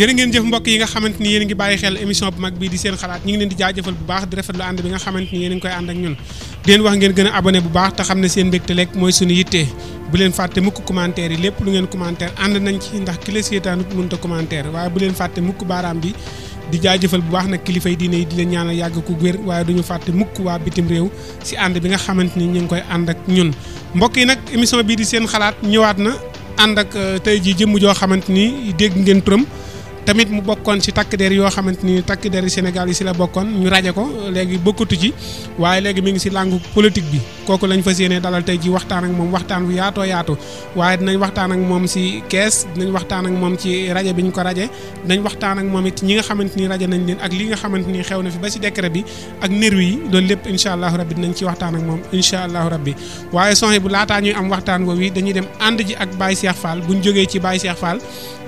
jërë ngeen jëf mbokk yi nga xamante ni yéen a ngi bàyyi xel émission bu mag bii di seen xalaat ñu ngi leen di jaajëfal bu baax a ngi koy ànd ak ñun di leen wax ngeen a abonné ne seen mbégte lekk mooy suñu yitte leen fàtte mukk commentaire yi lépp lu ngeen commentaire ànd nañ ci ndax ki la seetaan mënut a commentaire waaye bu leen fàtte mukk baaraam bu baax nag kilifa yi di leen ñaanal yàgg ku wér waaye duñu fàtte mukk waa bitim réew si ànd bi nga xamante ni ñu ngi koy ànd ak ñun mbokk yi nag émission bii di seen xalaat ñëwaat na ànd ak euh, tey jii jëmm joo xamante ni dégg ngeen turam tamit mu bokkoon ci takk der yoo xamante ni takk der yi Sénégal yi ci la bokkoon ñu raje ko léegi bokkatu ci waaye léegi mu ngi ci langue politique bi kooku lañ fa yéene dalal tey ji waxtaan ak moom waxtaan bu yaatoo yaatu waaye dinañ waxtaan ak moom ci kees dinañ waxtaan ak moom ci raje bi ñu ko raje dinañ waxtaan ak moom it ñi nga xamante ni raje nañ leen ak li nga xamante ni xew na fi ba ci décret bi ak nervi yi loolu lépp incha allahu rabbi dinañ ci waxtaan ak moom incha allahu rabbi waaye soxna bu laataa ñuy am waxtaan woowu dañuy dem ànd ji ak Baye Cheikh Fall buñ jógee ci Baye Cheikh Fall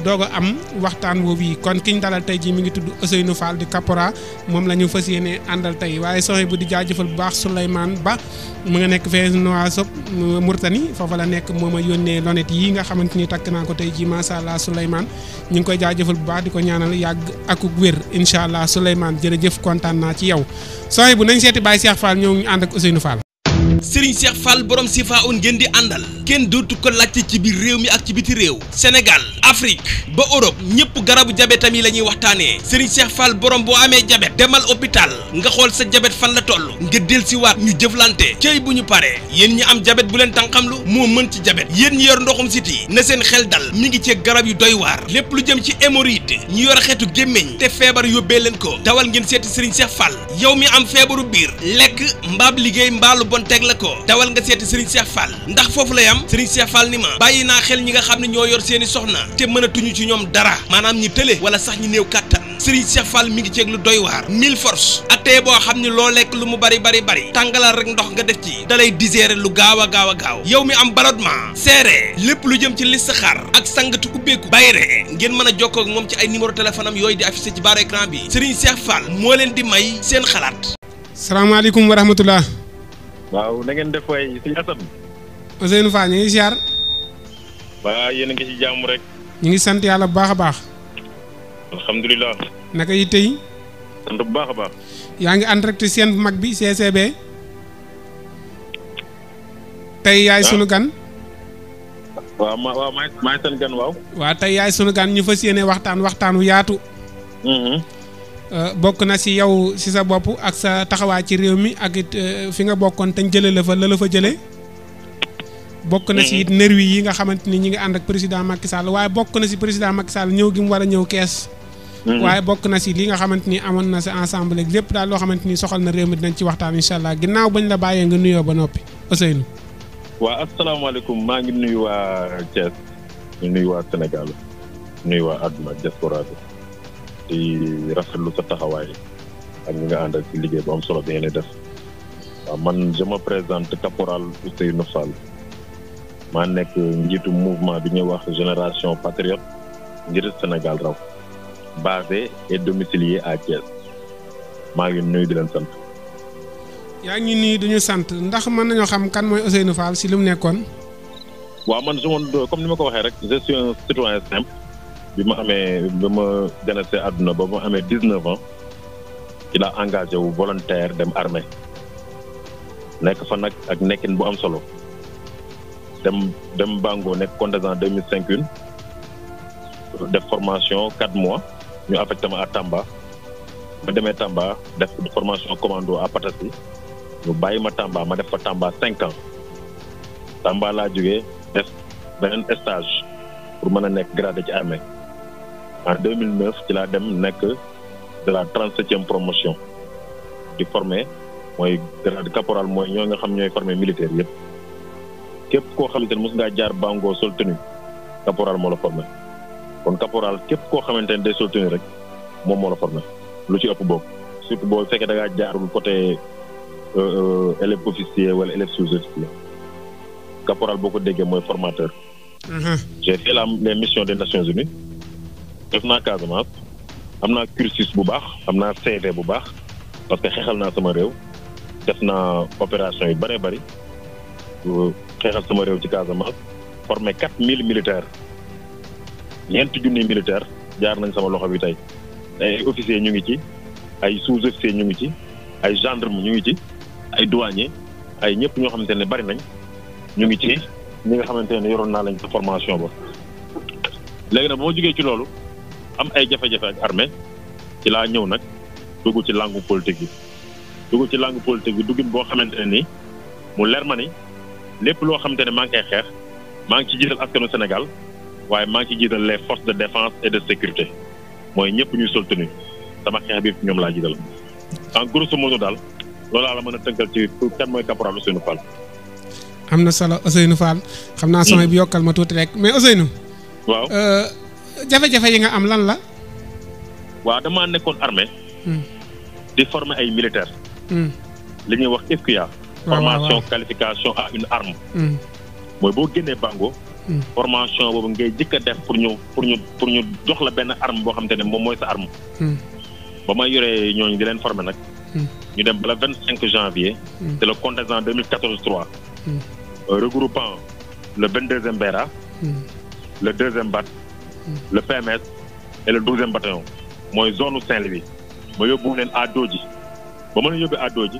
doog am waxtaan woowu bi kon ki ñu dalal tey jii mi ngi tudd Ousseynou Fall di Capora moom la ñu fas yéene àndal tey waaye soxna bu di jaajëfal bu baax Souleymane Ba mu nga nekk fee Nouakchott Mourtani foofa la nekk moom a yónnee lonet yi nga xamante ni takk naa ko tey jii macha allah Souleymane ñu ngi koy jaajëfal bu baax di ko ñaanal yàgg ak wér incha allah Souleymane jërëjëf kontaan naa ci yow soxna bu nañ seeti Baye Cheikh Fall ñëw ñu ànd ak Ousseynou Fall. Serigne Cheikh Fall borom sifa un ngeen di àndal kenn dootu ko laajte ci biir réew mi ak ci biti réew Sénégal Afrique ba Europe ñëpp garabu jabetam yi la ñuy waxtaanee Serigne Cheikh borom boo amee jabet demal hôpital nga xool sa jabet fan la toll ngir del si ñu jëflante cëy bu ñu paree yéen ñi am jabet bu leen tànqamlu moo mën ci jabet yéen ñi yor ndoxum siti na seen xel dal mi ngi ci garab yu doy waar lépp lu jëm ci hémorroïde ñu yor xeetu gémmiñ te feebar yóbbee leen ko dawal ngeen seeti Serigne Cheikh Fall yow mi am feebaru biir lekk mbaab liggéey mbaalu bon la ko dawal nga seeti Serigne Cheikh Fall ndax foofu la yam Serigne Cheikh Fall ni ma bàyyi naa xel ñi nga xam ne ñoo yor seeni soxna te mënatuñu ci ñoom dara maanaam ñi tële wala sax ñi néew kàttan Serigne Cheikh Fall mi ngi ceeg lu doy waar mille force attee boo xam ne loo lekk lu mu bari bari bari tàngalal rek ndox nga def ci dalay digérer lu gaaw a gaaw a gaaw yow mi am ballonnement seere lépp lu jëm ci listixaar ak sangatu ubbeeku bayre ngeen mën a jokkoo moom ci ay numéro téléphone am yooyu di affiché ci barre écran bi Serigne Cheikh Fall moo leen di may seen xalaat salaamaaleykum wa rahmatullah waaw nangeen def waay sëñ Assane. Ousseynou Fall ñu ngi ziar. yéen a ngi ci rek. ñu ngi sant yàlla bu baax a baax. alhamdulilah. naka yi tey. sant bu baax a baax. yaa ngi en direct seen bu mag bi CCB. tey yaay ah. sunu gan. waaw ma waaw maay maay seen gan waaw. waa tey yaay sunu gan ñu fa yéene waxtaan waxtaanu yaatu. Mm-hmm. Euh, bokk na si yow si sa bopp ak sa taxawaay ci réew mi ak it euh, fi nga bokkoon te jëlee la fa la fa jële bokk na si it mm-hmm. nervi yi nga xamante ni ñu ngi ànd ak président Macky Sall waaye bokk na si président Macky Sall ñëw gi mu war a ñëw kees. Mm-hmm. waaye bokk na si li nga xamante ni amoon na si ensemble ak lépp daal loo xamant ni soxal na réew mi dinañ ci waxtaan incha allah ginnaaw bañ la bàyyee nga nuyoo ba noppi Ousseynou. waaw asalaamaaleykum maa ngi nuyu waa Thiès Sénégal nuyu waa àdduna diaspora bi di rafetlu ko taxawaay ak ñi nga ànd ak liggéey bu am solo bi ngeen def waaw man je me présente caporal Ousseynou Fall maa nekk njiitu mouvement bi ñuy wax génération patriote ngir Sénégal raw basé et domicilié à Thiès maa ngi nuyu di leen sant. yaa ngi nii duñu sant ndax mën nañoo xam kan mooy Ousseynou Fall si lu mu nekkoon. waaw man su ma comme ni ma ko waxee rek je suis simple. bi ma amee ba ma ganasee àdduna ba ma amee dix neuf ans ci laa engagé wu volontaire dem armée nekk fa nag ak nekkin bu am solo dem dem Bango nekk contingent deux mille cinq une def formation quatre mois ñu affecté ma à Tamba ma demee Tamba def formation commando a Patasi ñu bàyyi ma Tamba ma def fa Tamba cinq ans Tamba laa jógee def beneen stage pour mën a nekk gradé ci armée en 2009 ci laa dem nekk de la trente septième promotion di formé mooy grade caporal mooy ñoo nga xam ñooy formé militaire yëpp képp koo xamante ne mos ngaa jaar bango sol tenue caporal moo la formé kon caporal képp koo xamante ne day sol rek moom moo la formé lu ci ëpp boobu surtout boo fekkee da ngaa jaarul côté euh, euh, élève officier wala élève sous-officier caporal boo ko déggee mooy formateur mm-hmm. j'ai fait la les missions des Nations Unies def naa Casamance am naa cursus bu baax am naa CV bu baax parce que xeexal naa sama réew def naa opération yi bëree bëri euh, xeexal sama réew ci Casamance formé quatre mille militaires ñeenti junni militaires jaar nañ sama loxo bi tey ay officiers ñu ngi ci ay sous-officiers ñu ngi ci ay gendarmes ñu ngi ci ay douaniers ay ñëpp ñoo xamante ne bari nañ ñu ngi ci ñi nga xamante ne yoroon naa lañ sa formation ba léegi nag boo jógee ci loolu. am ay jafe-jafe ak armée ci laa ñëw nag dugg ci langue politique bi dugg ci langue politique bi duggin boo xamante ne ni mu leer ma ni lépp loo xamante ne maa ngi koy xeex maa ngi ci jiital askanu Sénégal waaye maa ngi ci jiital les forces de défense et de sécurité mooy ñëpp ñuy sol tenue sama xeex bi ñoom laa jiital en grosso modo daal loolu la mën a tënkal ci kan mooy caporal Ousseynou Fall. am na solo Ousseynou Fall xam naa hmm. sama bi yokkal ma tuuti rek mais Ousseynou. waaw. Euh, jafe-jafe yi nga am lan la. waa damaa nekkoon armée hmm. di former ay militaires. Hmm. li ñuy wax FQA. formation qualification à une arme. Hmm. mooy boo génnee Bango. formation boobu ngay jëkk a def pour ñu pour ñu pour ñu jox la benn arme boo xam te ne moom mooy sa arme. ba may yore ñooñu di leen forme nag. ñu dem ba le vingt cinq janvier. c'est le contingent deux mille quatorze trois. Euh, regroupant le vingt deuxième Beera. le deuxième BAT. le PMS et le douzième bataillon mooy zone Saint-Louis ma yóbbu leen à Dodji ba mën a yóbbee à Dodji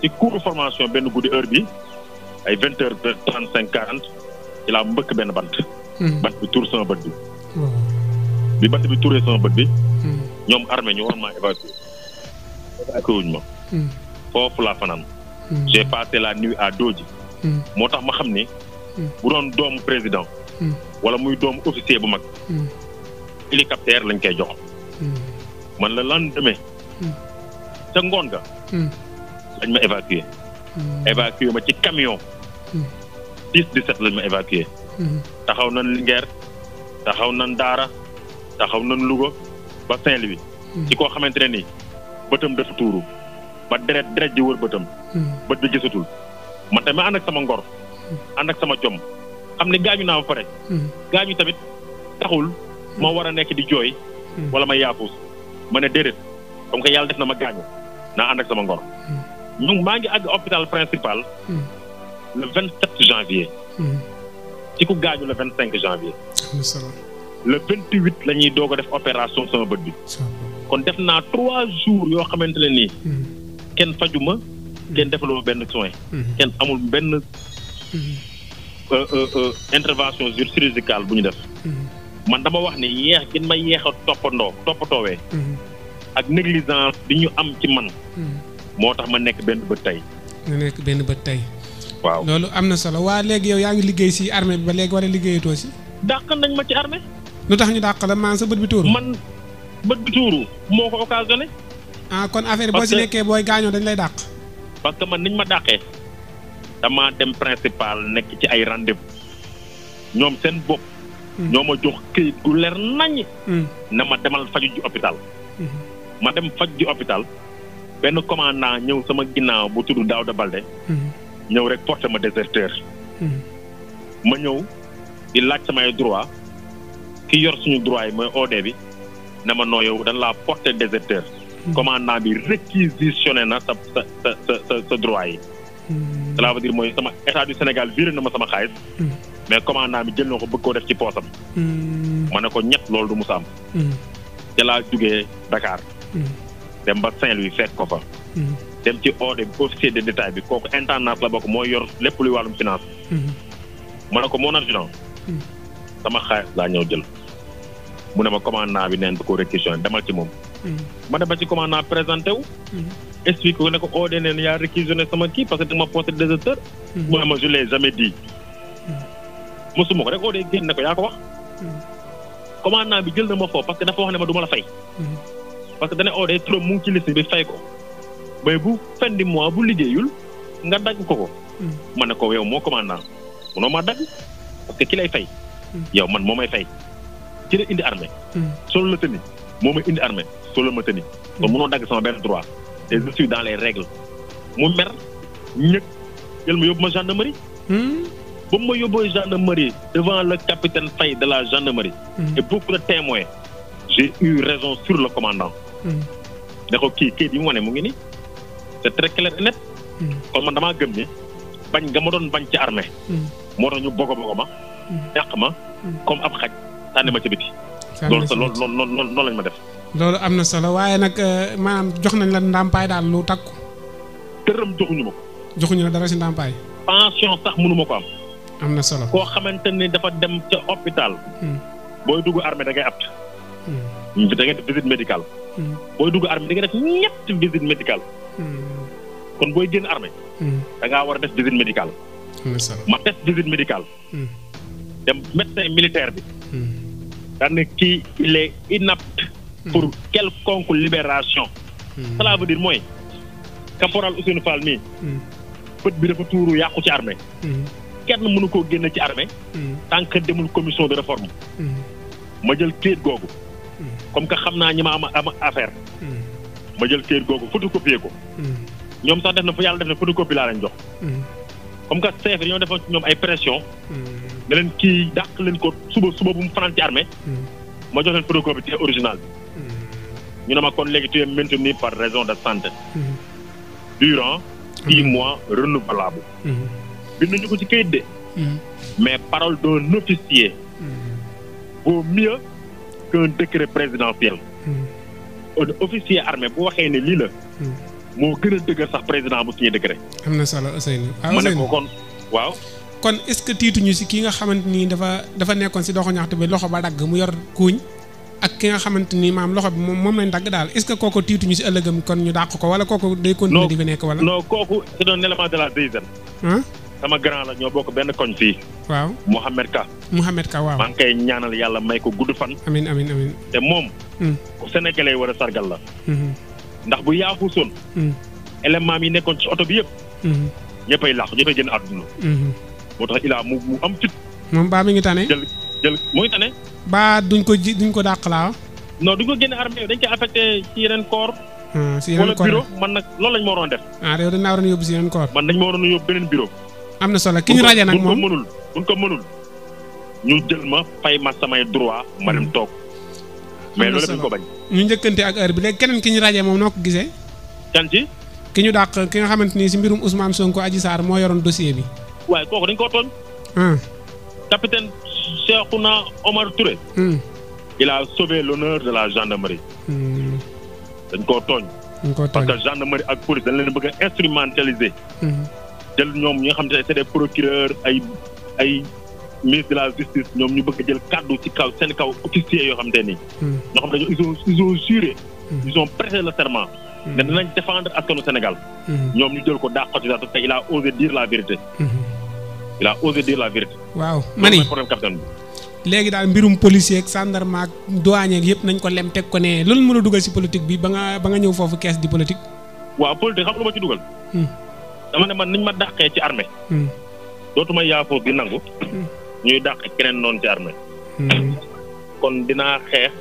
ci cours de formation benn guddi heure bi ay vingt heures trente cinq quarante ci laa mbëkk benn bant. Hmm. bant bi tuur sama bët bi. Hmm. bi bant bi tuuree sama bët bi. Hmm. ñoom armée ñu war maa évacuer wuñ ma. foofu laa fanaan. j'ai passé la nuit à ji moo tax ma xam ni. bu doon doomu président. wala muy doomu officier bu mag. Hmm. hélicoptère lañ koy jox. Hmm. man la lendemain. sa hmm. ngoon ga. lañ ma évacué. évacué ma ci camion. 10 17 lañ ma évacué. taxaw nan Linguère taxaw nan Daara taxaw nan Louga ba Saint-Louis. ci koo xamante ne nii bëtam dafa tuuru ba deret deret ji wër bëtam. bët bi gisatul man tamit ànd sama ngor ànd sama jom. xam ne gaañu naa ba pare. Hmm. gaañu tamit taxul ma hmm. war a nekk di jooy. Hmm. walla ma yaafus ma ne dérét comme que yàlla def na ma gaañu naa ànd ak sama ngor. ñu maa ngi àgg hôpital principal. le vingt sept janvier. ci ku gaañu la vingt cinq janvier. le vingt huit la ñuy doog a def opération sama bët bi. kon def naa trois jours yoo xamante ne nii. kenn fajuma kenn defaluma benn soin. kenn amul benn. Euh, euh, euh, intervention chirurgicale bu ñu def. Mm-hmm. man dama wax ne yeex gën ma yeex a toppandoo toppatoowee. Mm-hmm. ak négligence bi ñu am ci man. Mm-hmm. moo tax ma nekk benn bët tey. ma nekk benn bët tey. waaw loolu am na solo waa léegi yow yaa ngi liggéey si armée bi ba léegi wala liggéeyatoo si. dàq nañ ma ci armée. lu tax ñu dàq la man sa bët bi tuuru. man bët bi tuuru moo ko occasionné. ah kon affaire boo si nekkee booy gaañoo dañ lay dàq. parce que man niñ ma dàqee. damaa dem principal nekk ci ay rendez ñoom seen bopp. Hmm. ñoo ma jox këyit gu leer nañ hmm. na ma demal faju ji hôpital. Hmm. ma dem faj ji hôpital benn commandant ñëw sama ginnaaw bu tudd Daouda Balde. ñëw rek porté ma déserteur. ma ñëw di laaj samay droit ki yor suñu droit yi mooy OD bi na ma noo yow dañ laa porté déserteur. commandant bi réquisitionné na sa sa sa sa sa droit yi. cela veut dire mooy sama état du Sénégal viré na ma sama xaalis. Mm. mais commandant bi jël na ko bëgg ko def ci poosam. Mm. ma ne ko ñett loolu du mu saam. Mm. ca laa jugee Dakar. dem ba Saint-Louis fekk ko fa. dem ci ODE officier de détail bi kooku intendance la bokk mooy yor lépp luy wàllum finance. ma ne ko mon argent. sama xaalis laa ñëw jël. mu ne ma commandant bi neen ko réquisition demal ci moom. ma mhm. dem ba ci commandant présenté wu. Mhm. expliqué ko ne ko oo oh, dee neen yaa réquisitionné sama kii parce que dama porté déserteur. Mhm. mu ne ma je l'ai jamais dit. mosuma ko rek oo oh, dee génn ne ko yaa ko wax. commandant bi jël na ma foofu parce que dafa wax ne ma du ma la fay. parce que dana oo oh, dee trop mu ngi ci liste bi fay ko. mais bu fin du mois bu liggéeyul nga dagg ko ko. ma ne ko yow moo commandant munoo maa dagg parce que ki lay fay. yow man moo may fay. ci la indi armée. solo la tamit moo may indi armée. solo ma tëni. kon mënoo dagg sama benn droit. te je dans les règles. mu mer ñëkk jël ma yóbbu ma gendarmerie. ba mu ma yóbboo gendarmerie devant le capitaine Faye de la gendarmerie. Hmm. et beaucoup de témoins. j'ai eu raison sur le commandant. Hmm. ne ko kii kii bi mu wane mu ngi nii. c'est très clair et net. Hmm. kon man damaa gëm ni bañ nga ma doon bañ ci armée. moo tax ñu bogo bogo ma. ñàq ma comme ab xaj tànn ma ca biti. loolu sa loolu loolu loolu lañ ma def. loolu am na solo waaye nag euh, maanaam jox nañ la ndàmpaay daal lu takku. dërëm joxuñu ma ko. joxuñu la dara si ndàmpaay. pension sax mënuma ko am. am na solo koo xamante ni dafa dem ca hôpital. Hmm. booy dugg armée da ngay apt. Hmm. Hmm, da ngay def dugg armée da ngay def ñett visite médicale. kon booy génn armée da war a def visite médicale. am ma def visite médicale. dem médecin militaire bi. daan kii il est pour quelconque libération. Hmm. cela veut dire mooy caporal Ousseynou Fall mii. Hmm. bët bi dafa tuuru yàqu ci armée. Hmm. kenn mënu koo génne ci armée. tant que demul commission de réforme. ma jël këyit googu. comme que xam naa ñi ma am am affaire. ma jël këyit googu photocopier ko. ñoom sax def na fa yàlla def na photocopie laa lañ jox. comme que chef yi ñoo defoon ñoom ay pression. ne leen kii dàq leen ko suba suba bu mu fanaan ci armée. ma jox leen photocopie te original ñu ne ma kon léegi tu es maintenu par raison de santé. durant six mhm. mois renouvelable. Mhm. bind ñu ko ci kayit de. Mhm. mais parole d'un officier. vaut mieux qu'un décret présidentiel. un officier armé bu waxee ne lii la. moo gën a dëgër sax président bu signé décret. am na solo Ousseynou. ah ma ne ko kon waaw. kon est-ce que tiituñu si kii nga xamante ni dafa dafa nekkoon si doxu ñaxte bi loxo ba dagg mu yor kuuñ. ak ki nga xamante ni maam loxo bi moom moom lañ dagg daal est-ce que kooku tiituñu si ëllëgam kon ñu dàq ko wala kooku day continuer di fi nekk wala. non kooku c'est un la paysanne. sama grand la benn koñ fii. waaw Mouhamed Ka. Mouhamed Ka waaw maa ngi yàlla may ko gudd fan. amiin amiin amiin. te moom. Hmm. ku sénégalais war a sargal la. Hmm, hmm. ndax bu yaafu son élément yi nekkoon ci oto bi yëpp. ñëppay làq ñëppay génn àdduna. moo tax il mu mu am fit. moom baa mi ngi jël muy ko ji duñ ko dàq laa. non duñ ko génne dañ koy affecté ci yeneen corps. si hmm, man nag loolu lañ waroon def. ah yow dañ naa man dañ ma waroon yóbbu beneen bureau. am na solo ki ñu nag moom buñ ko mënul buñ ko mënul. ñu jël ma fay ma samay droit ma dem toog. mais loolu dañ ko bañ. ñu njëkkante ak heure bi léegi keneen ki ñu rajo moom noo ko gisee. kan ci. ki ñu dàq ki nga xamante ni si mbirum Ousmane Sonko Adji Sarr moo yoroon dossier bi. waaye kooku dañ koo tooñ. Hmm. capitaine na Omar Touré. Hmm. il a sauvé l'honneur de la gendarmerie. Hmm. dañ koo tooñ. parce que gendarmerie ak police dañ leen bëgg a instrumentaliser. Hmm. jël ñoom ñi nga xam te ne c'est des procureurs ay ay ministre la justice ñoom ñu bëgg jël kàddu ci kaw seen kaw officier yoo xam te ni. xam dañoo ils ont ils ont juré. ils ont prêté le serment. ne dinañ défendre askanu Sénégal. ñoom ñu jël ko dàqati sax te il a osé dire la vérité. il a la vérité. waaw mani problème capitaine bi. léegi daal mbirum policier ak gendarme ak douanier ak yëpp nañ ko lem teg ko ne loolu mën a dugal si politique bi ba nga ba nga ñëw foofu kees di politique. waaw politique xam lu ma ci dugal. Hmm. dama ne man niñ ma dàqee ci armée. Hmm. dootuma yaafoo di nangu. Hmm. ñuy dàq keneen noonu ci armée. kon dinaa xeex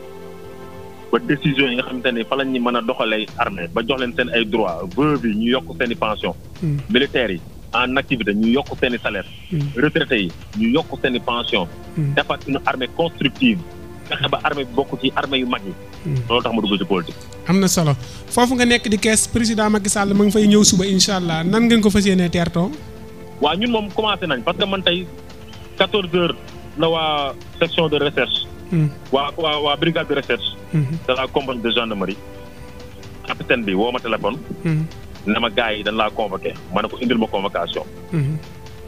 ba décision yi nga xamante ne fa la ñuy mën a doxalee armée ba jox leen seen ay droit veuve yi ñu yokk seen i pension. militaires yi. en activité ñu yokk seen i salaire hmm. ñu yokk seen i pension hmm. defar une armée constructive fexe ba armée bi bokk ci armée yu mag yi hmm. loolu tax ma dugg ci politique am na solo foofu nga nekk di kees président Macky Sall ma ngi fay ñëw suba insha allah nan ngeen ko fas yéenee teertoo waaw ñun moom commencé nañ parce que man tey quatorze heures la waa section de recherche waa waa waa brigade de recherche de la compagnie de gendarmerie capitaine bi woo ma téléphone ne ma gars yi dañ laa convoqué ma ne ko indil ma convocation. Mhm.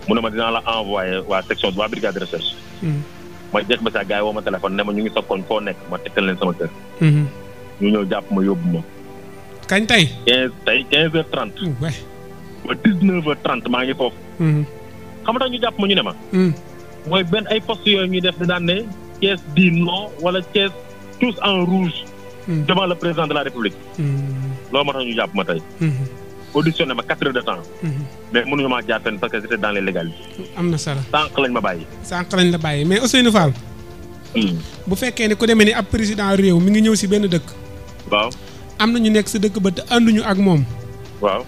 mu ne ma dinaa la envoyé waa section waa brigade de recherche. Mhm. ma jekk ba saa gars yi woo ma téléphone ne ma ñu ngi sa koñ foo nekk ma tegtal leen sama kër. Mhm. ñu ñëw jàpp ma yóbbu ma. kañ tey. quinze tey quinze heures trente. ba dix neuf heures maa ngi foofu. xam nga ñu jàpp ma ñu ne ma. mooy benn ay poste yooyu ñuy def di daan ne Thiès dit non wala Thiès tous en rouge. devant le président de la république. loolu moo tax ñu jàpp ma tey. auditionné ma quatre heures de temps. Mhm. mais mënuñu maa jaar fenn parce que j'étais dans les légalités. am na solo sànq lañ ma bàyyi. sànq lañ la bàyyi mais Ousseynou Fall. Hmm. bu fekkee ne ku demee ni ab président réew mi ngi ñëw si benn dëkk. waaw am na ñu nekk si dëkk ba te ànduñu ak moom. waaw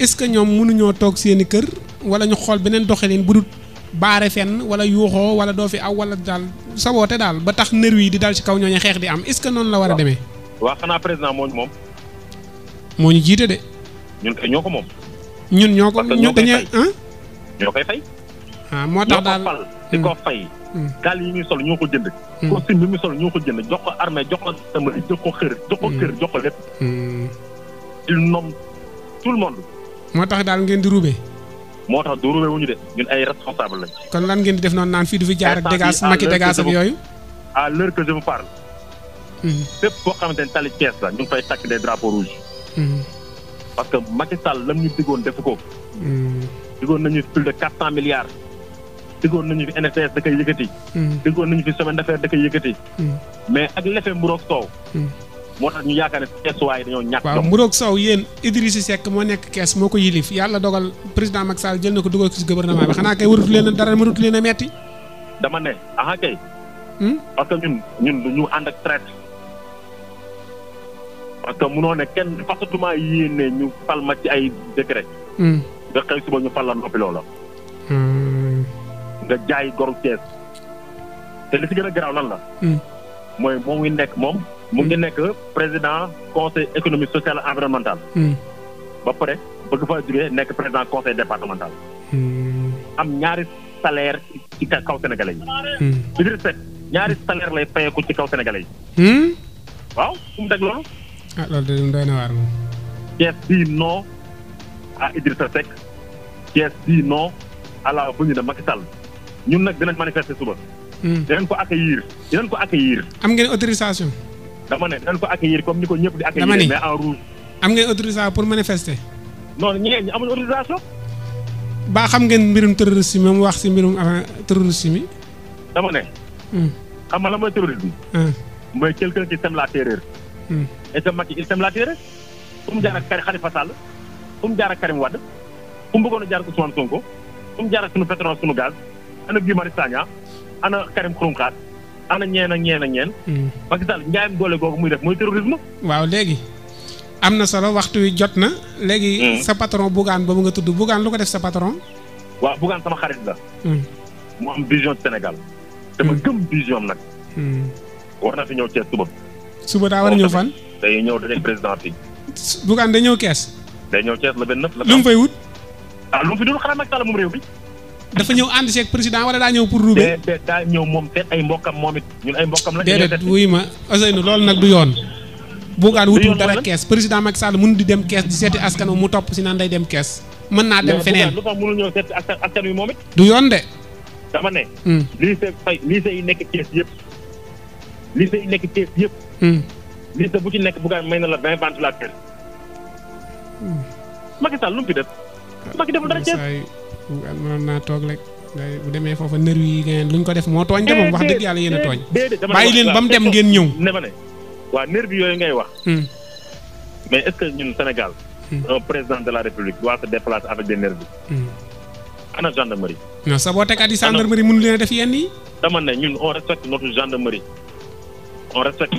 ce que ñoom mënuñoo toog seen i kër wala ñu xool beneen doxalin bu dut baare fenn wala yuuxoo wala doo fi aw wala daal saboote daal ba tax nerf yi di dal ci kaw ñooñu xeex di am est ce que noonu la war a demee. waaw xanaa président moo ñu ñu jiite de. ñun kay ñoo ko moom. ñun ñoo ko ñun ñoo koy fay. ah moo tax daal fal di hmm. ko fay. daal hmm. yi muy sol ñoo ko jënd. Hmm. costume bi muy sol ko jënd jox ko armée jox ko sama ko xër jox ko kër jox ko moo tax daal ngeen di ruube. moo tax du ruube wu ñu de ñun ay responsable lañ. kon lan ngeen di def noonu naan fii du fi jaar ak dégâts Macky dégâts yooyu. à l'heure que je vous parle. fépp boo xamante ne tali Thiès la ñu koy takk de drapeaux rouges. parce que Macky Sall lam ñu diggoon defu ko. Hmm. diggoon nañu plus de quatre cent milliards. diggoon nañu fi NSS da koy yëkkati. Hmm. diggoon nañu fi semaine d'affaires da koy yëkkati. Hmm. mais ak l'effet mburoog soow. moo tax ñu yaakaar ne keesuwaay dañoo ñàkk. waaw mburoog soow yéen Idrissa Seck moo nekk kees moo ko yilif yàlla dogal président Macky Sall jël na ko dugal ko ci gouvernement bi xanaa kay warut leen dara warut leen a metti dama ne ah kay. parce que ñun ñun du ñu ànd ak traite. parce que munoo ne kenn fasatuma yéene ñu fal ma ci ay décret. Hmm. nga xëy suba ñu fal la noppi la hmm. nga jaay goru Cees. te li si gën a garaaw lan la. Hmm. mooy moom ngi nekk moom. mu ngi nekk président conseil économique social et environnemental. ba pare bëgg fa jógee nekk président conseil départemental. am ñaari salaire ci kaw sénégalais yi. Idriss Seck ñaari salaire lay fayeeku ci kaw sénégalais yi. waaw fu mu teg loolu. ah loolu de doy na waar moom. Thiès dit non à ah, Idrissa Seck Thiès dit non à la venue de Macky Sall ñun nag dinañ manifester suba. Hmm. dinañ ko accueillir dinañ am ngeen autorisation. dama ne dinañ ko accueillir comme ni ko ñëpp di. accueillir mais en rouge. am ngeen autorisation pour manifester. non ñeneen ñi amuñu autorisation. ba xam ngeen mbirum terrorisme moom wax si mbirum terrorisme yi. dama ne. Hmm. xam nga la mooy terrorisme. Hmm. mooy quelqu'un qui sème la terreur. et que Macky il sème la terre fu mu jaar ak Khalifa Sall fu mu jaar ak Karim Wade fu mu bëggoon a jaar ak Ousmane Sonko fu mu jaar ak sunu pétrole sunu gaz ana Guy Marius Sagna ana Karim Xrum Xax ana ñeen ak ñeen ak ñeen. Hmm. Macky Sall njaayam doole googu muy def mooy terrorisme. waaw léegi am na solo waxtu wi jot na. léegi hmm. sa patron Bougane ba mu nga tudd Bougane lu ko def sa patron. waaw Bougane sama xarit la. Hmm. mu am vision Sénégal. dama gëm vision am nag. war na fi ñëw Thiès suba. suba daa war a ñëw fan. ñëw dañuy président bi. Bougane day ñëw kees. day ñëw kees la benn la. lu mu fay wut. ah lu fi dul xanaa Macky Sall moom réew bi dafa ñëw ànd seeg président wala daa ñëw pour. ruubee déedéet daa ñëw moom seet ay mbokkam moom it ñun ay mbokkam la. déedéet wuy ma loolu nag du yoon. Bougane wutul dara kees président Macky Sall mun di dem kees di seeti askan mu topp si naan day dem kees. mën naa dem feneen lu tax mënul ñëw seeti askan moom du yoon de. dama ne. Hmm. yi nekk kees yëpp. lycée yëpp. Hmm. ministre bu ci nekk bu may na la vingt ventilateur. Macky Sall lu mu fi def. Ah, Macky deful dara Thiès mënoon naa toog rek. bu demee foofa nër yi ngeen luñ ko def moo tooñ. te wax dëgg yàlla yéen a tooñ. bàyyi leen ba mu dem ngeen ñëw. ne ma ne waa nër bi yooyu ngay wax. Hmm. mais est-ce que ñun Sénégal. Hmm. un président de la République doit se déplacer avec des nervis. Hmm. ana gendarmerie. non sabotekat yi gendarmerie mënu leen a def yenn yi. dama ne ñun on respecte notre gendarmerie. on respecte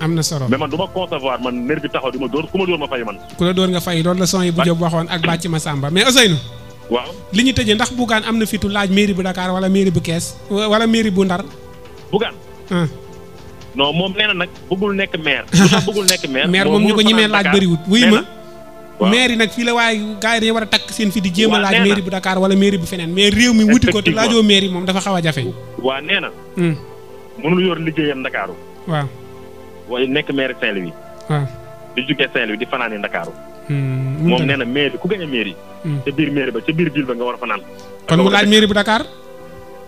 am na solo mais man du ma man nerf bi taxaw di ma dóor ku ma dóor ma fay man. ku la dóor nga fay loolu la son yi bu Diop waxoon ak Bàcc Masamba mais Ousseynou. waaw li ñu tëjee ndax Bougane am na fitu laaj mairie bu Dakar wala mairie bu Kees bu Ndar. Bougane. non moom nee nag bëggul nekk maire. lu tax nekk maire. maire moom ñu ko ñemee laaj bëriwut ma. waaw maire yi nag fii la waaye war takk seen di jéem a laaj mairie bu wala mairie bu feneen mais réew mi wuti ko te laajoo mairie moom dafa xaw a jafe. waa nee mënul yor liggéeyam Ndakaaru. waaw. waaye nekk maire Saint-Louis. waaw di jugee Saint-Louis di fanaani Ndakaaru. Hmm, moom nee na mairie ku gañe mairie. Hmm. ca biir mairie ba ca biir ville ba nga war a fanaan. kon mu laaj mairie bu dakaar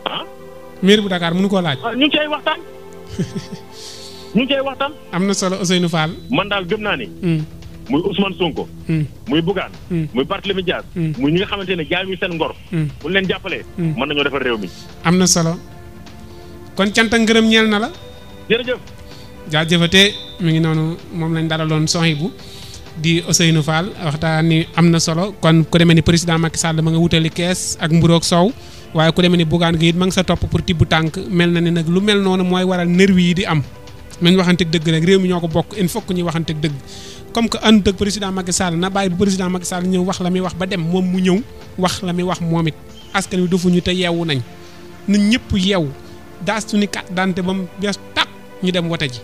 ah. mairie bu Dakar ah? munu koo laaj. Ah, ñu ngi cay waxtaan. ñu ngi cay waxtaan. am na solo Ousseynou Fall. man daal gëm naa ni. Hmm. muy Ousmane Sonko. muy Bougane. muy Barthélémy Dias. muy ñi nga xamante ne jaayuñu seen ngor. bu leen jàppalee. mën nañoo defar réew mi. am na solo. kon cant ak ngërëm ñeel na la. jërëjëf. jaajëfate mu ngi noonu moom lañ daraloon bu di Ousseynou Fall waxtaan ni am na solo kon ku demee ni président Macky Sall ma nga wutali kees ak mburoog soow waaye ku demee ni Bougane Gueye ma nga sa topp pour tibb tànk mel na ne nag lu mel noonu mooy waral nervi yi di am. nañ waxanteeg dëgg rek réew mi ñoo ko bokk il faut ñuy waxanteeg dëgg comme que ànd ak président Macky Sall na bàyyi bu président Macky ñëw wax la muy wax ba dem moom mu ñëw wax la muy wax moom it askan wi ñu te yeewu nañ nit ñëpp yeewu. daas ni carte dante ba mu bees tàq ñu dem wote ji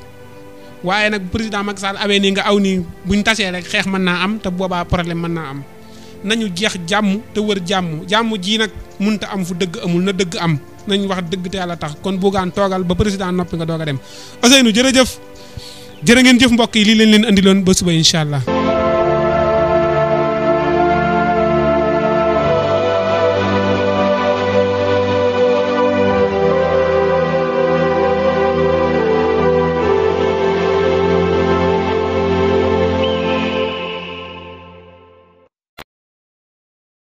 waaye nag président Macky Sall awee nii nga aw nii buñ tasee rek xeex mën naa am te boobaa problème mën naa am nañu jeex jàmm te wër jàmm jàmm ji nag munta am fu dëgg amul na dëgg am nañ wax dëgg te yàlla tax kon bugaan toogal ba président noppi nga doog a dem Ousseynou jërëjëf jërë ngeen jëf mbokk yi lii leen leen andiloon ba suba incha allah.